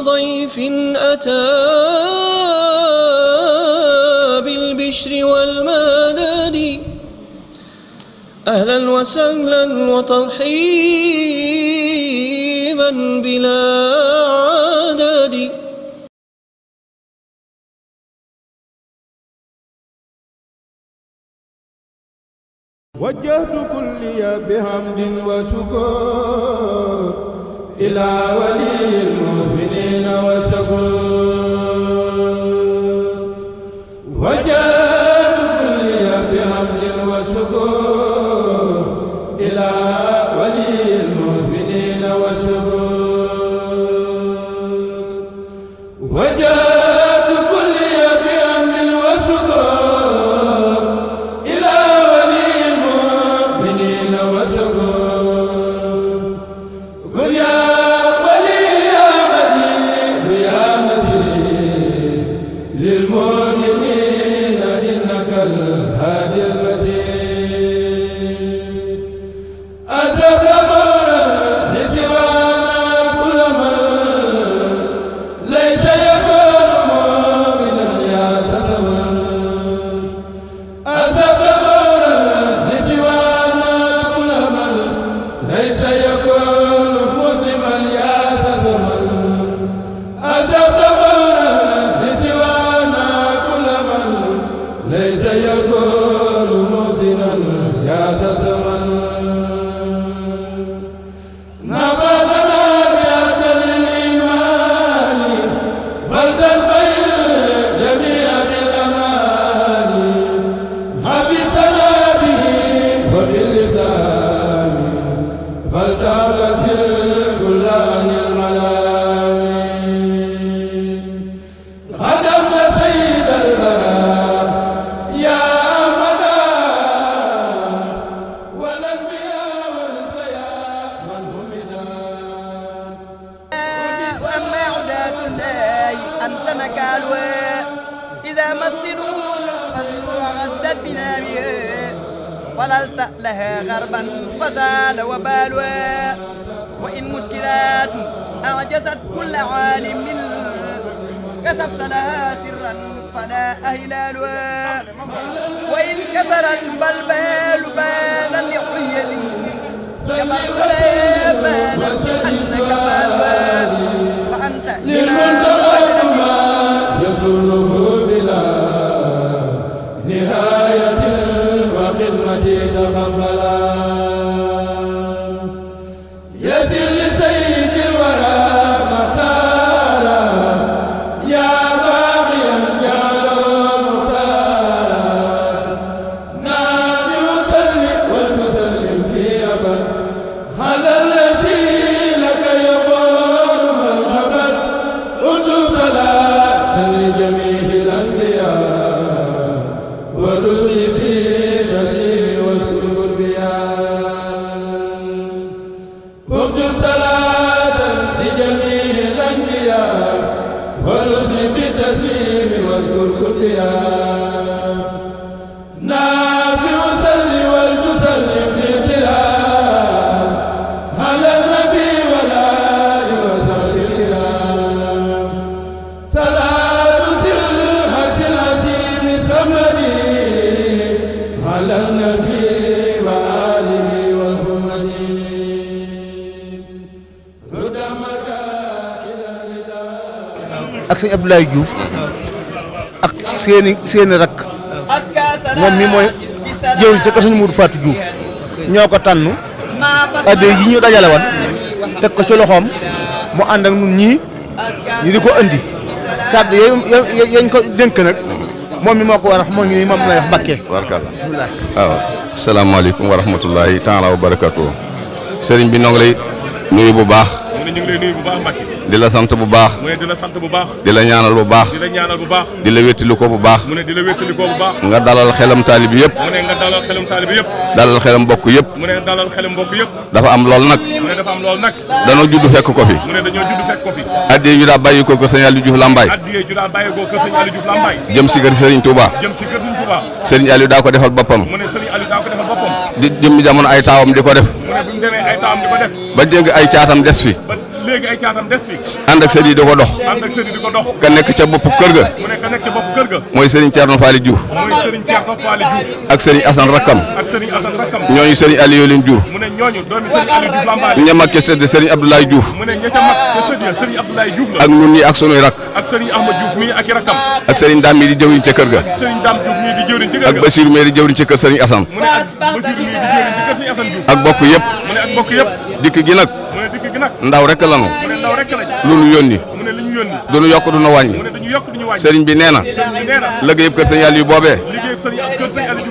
ضيف أتى بالبشر والمدد أهلا وسهلا وترحيبا بلا عدد وجهت كلي بحمد وشكر إلى ولي الموت وجاد كل بحمل وسكون fal daal سلطانك ألوى إذا ما السنون عزت بنا بها فللت لها غربا فزال وبالها وإن مشكلات أعجزت كل عالم كسبت لها سرا فلا أهلالها وإن كسر البلبال بالا لحية كما الغلاب أنك بالبال ak sëñ Abdoulaye Diouf seeni seeni rakk moom mi mooy jëwriñ ca kër sëñ Moudou Fatou Diouf ñoo ko tànn adde yi ñu dajale woon teg ko ci loxoom mu ànd ak ñun ñii ñu di ko andi kàddu yooyu yañ ko dénk nag moom mi moo ko war moo ngi nii moom lay wax Mbàkke barkalla waaw asalaamaaleykum wa rahmatullahi taala wa barakatuh bi noo nuyu bu baax di la sant bu baax. di la sant bu baax. di la ñaanal bu baax. di la ñaanal ko bu baax. nga dalal xelam taalibi yëpp. mu dalal xelam taalibi yëpp. bokk yëpp. dafa am lool nag. danoo judd fekk ko fi. mu ne dañoo judd bàyyi ko ko sëñ Aliou Diouf Lambaye. ju daa jëm si kër Serigne Touba. jëm si daa ko defal boppam. mu jamono ay taawam di ko def. ba dégg ay caatam des fi. léegi ay ak sët di ko dox ànd nekk ca bopp kër ga mooy sëriñ Thierno Faly Diouf ak sëriñ Assane Rakam ak sëriñ Assane Rakam ñooñu sëriñ Aliou leen jur mu ne ca sët sëriñ Abdoulaye Diouf ak ñun yi ak sunuy rak ak sëriñ Ahmad Diouf mii ak i rakam ak sëriñ Dame di jëwriñ ca kër ga ca kër ga ak Bassirou mii di jëwriñ ca kër sëriñ Assane mu ne ak Bassirou mii dikk gi nag ndaw rek lanu lu nu yónni du nu du nu sëriñ bi nee na liggéey kër sëñ Aliou boobee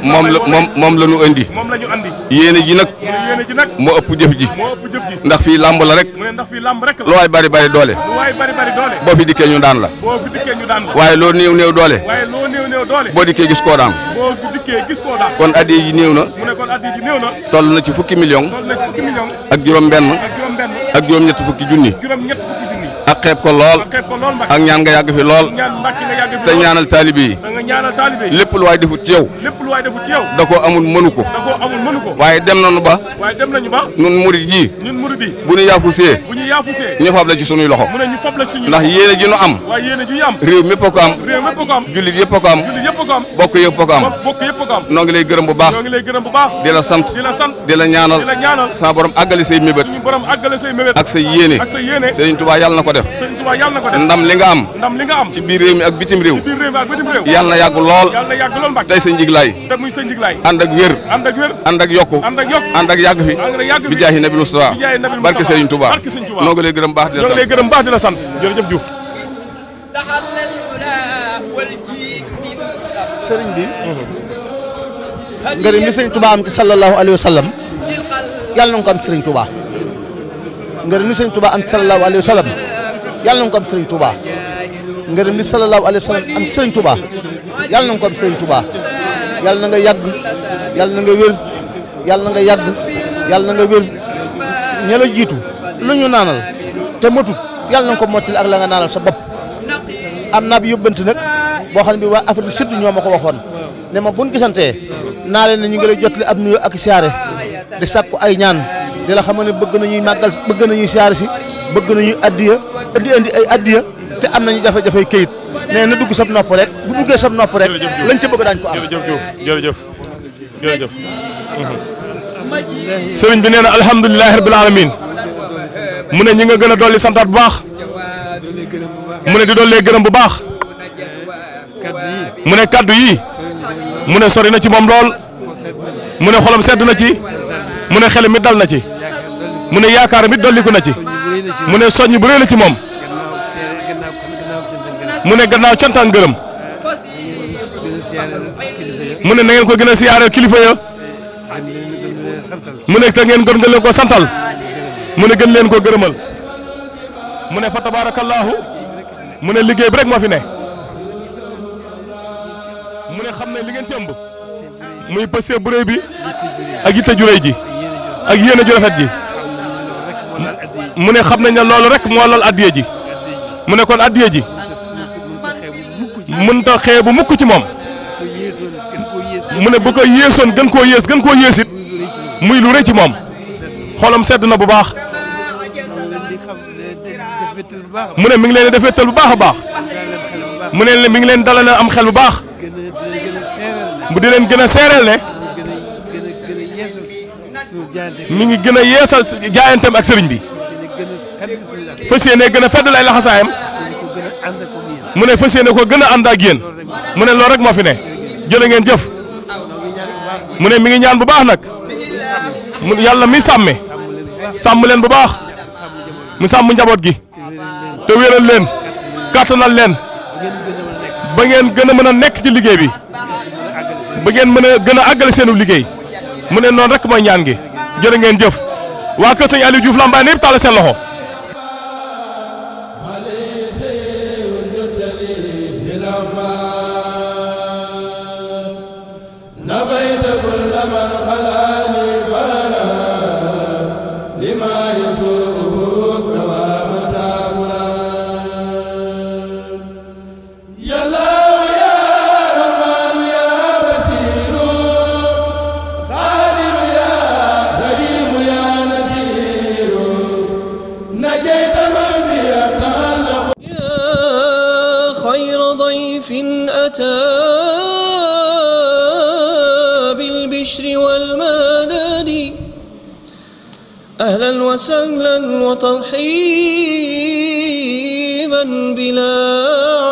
moom la moom moom la yéene ji nag moo ëpp jëf ji ndax fii làmb la rek lu waay bari bari doole boo fi dikkee ñu daan la waaye loo néew néew doole boo dikkee gis koo daan kon addi yi néew na toll na ci fukki million ak juróom-benn. ak juróom-ñett fukki junni ak xeeb ko lool ak ñaan nga yàgg fi lool te ñaanal taalibe lépp lu waay defut ci yow da koo amul mënu ko waaye dem nañu ba nun murit ji bu ñu yaafusee la ci sunuy loxo ndax yéene ji nu am réew mépp a am jullit yëpp a am bokk yëpp a am noo ngi lay gërëm bu baax di la sant di la ñaanal sa borom àggale say ak sa yéene Sëriñ Tuubaa yàlla na ko ko ndam li nga am ci biir réew mi ak bitim réew yàlla na yàgg lool tey sa njiglaay ànd ak wér ànd ak yokku ànd ak yàgg fi bi jaahi nabi Mustafa barke Serigne Touba noo ngi lay gërëm baax di la sant noo ngi lay gërëm baax di la sant jërëjëf Diouf sëriñ bi ngërëm li sëriñ Touba am ci sëriñ Touba ngërëm li sëriñ Touba am ci sallallahu alayhi yàlla na nga ko am sëriñ Touba ngërëm li sallallahu alayhi wa sallam am sëriñ Touba yàlla na nga ko am na nga yàgg yàlla wér yàlla na nga yàgg yàlla na nga wér ña la jiitu lu ñu naanal te matut yàlla na nga ko mottali ak la nga naanal sa bopp am naa bi boo xam ne bi waa Afrique du Sud ñoo ma ko waxoon ne ma buñ gisantee naa leen ne ñu ngi lay jotli ab nuyoo ak siyaare di sàkku ay ñaan di la xam ne bëgg nañuy màggal bëgg nañuy siyaare si bëgg nañuy addiya di indi ay addiya te am nañu jafe-jafe kayit nee na dugg sab nopp bu duggee sab nopp rek. lañ ca bëgg daañu ko am jërëjëf jërëjëf jërëjëf. sëriñ bi nee na alhamdulilah rabbil alamin mu ne ñi nga gën a dolli santaat bu baax mu ne di dollee gërëm bu baax mu ne kàddu yi mu ne sori na ci moom lool mu ne xolam sedd na ci mu ne xel mi dal na ci. mu ne yaakaaram it dolliku na ci mu ne soññ bu rëy la ci moom mu ne gannaaw cant ak mu ne nangeen ko gën a siyaare kilifa ya mu ne te ngeen gën nga leen ko santal mu ne gën leen ko gërëmal mu ne fa tabaarakallaahu mu ne liggéey bi rek moo fi ne mu ne xam ne li ngeen ci ëmb muy pëste bu rëy bi ak yitte ju rëy ji ak yéene ju ji mu ne xam nañ ne loolu rek moo lool addiya ji mu ne kon addiya ji mënta xeebu mukk ci moom mu ne bu ko yéesoon gën koo yées gën koo yéesit muy lu rëy ci moom xolam sedd na bu baax mu ne mi ngi leen di defeetal bu baax a baax mu ne mi ngi leen dala dalal am xel bu baax mu di leen gën a seereel ne. mi ngi gën a yeesal jaayanteem ak sëriñ bi fas yéene gën a feddal ay mu ne fas yéene ko gën a ànd ak yéen mu ne loolu rek moo fi ne jërë ngeen jëf mu ne mi ngi ñaan bu baax nag mu yàlla mi sàmme sàmm leen bu baax mu sàmm njaboot gi te wéeral leen leen ba ngeen gën a mën a nekk ci liggéey bi ba ngeen mën a gën a àggale seenu liggéey mu ne noonu rek mooy ñaan gi. jërë ngeen jëf waa kër sëñ Aliou Diouf Lambaye yëpp taal seen loxo أتى بالبشر والمدد أهلا وسهلا وترحيبا بلا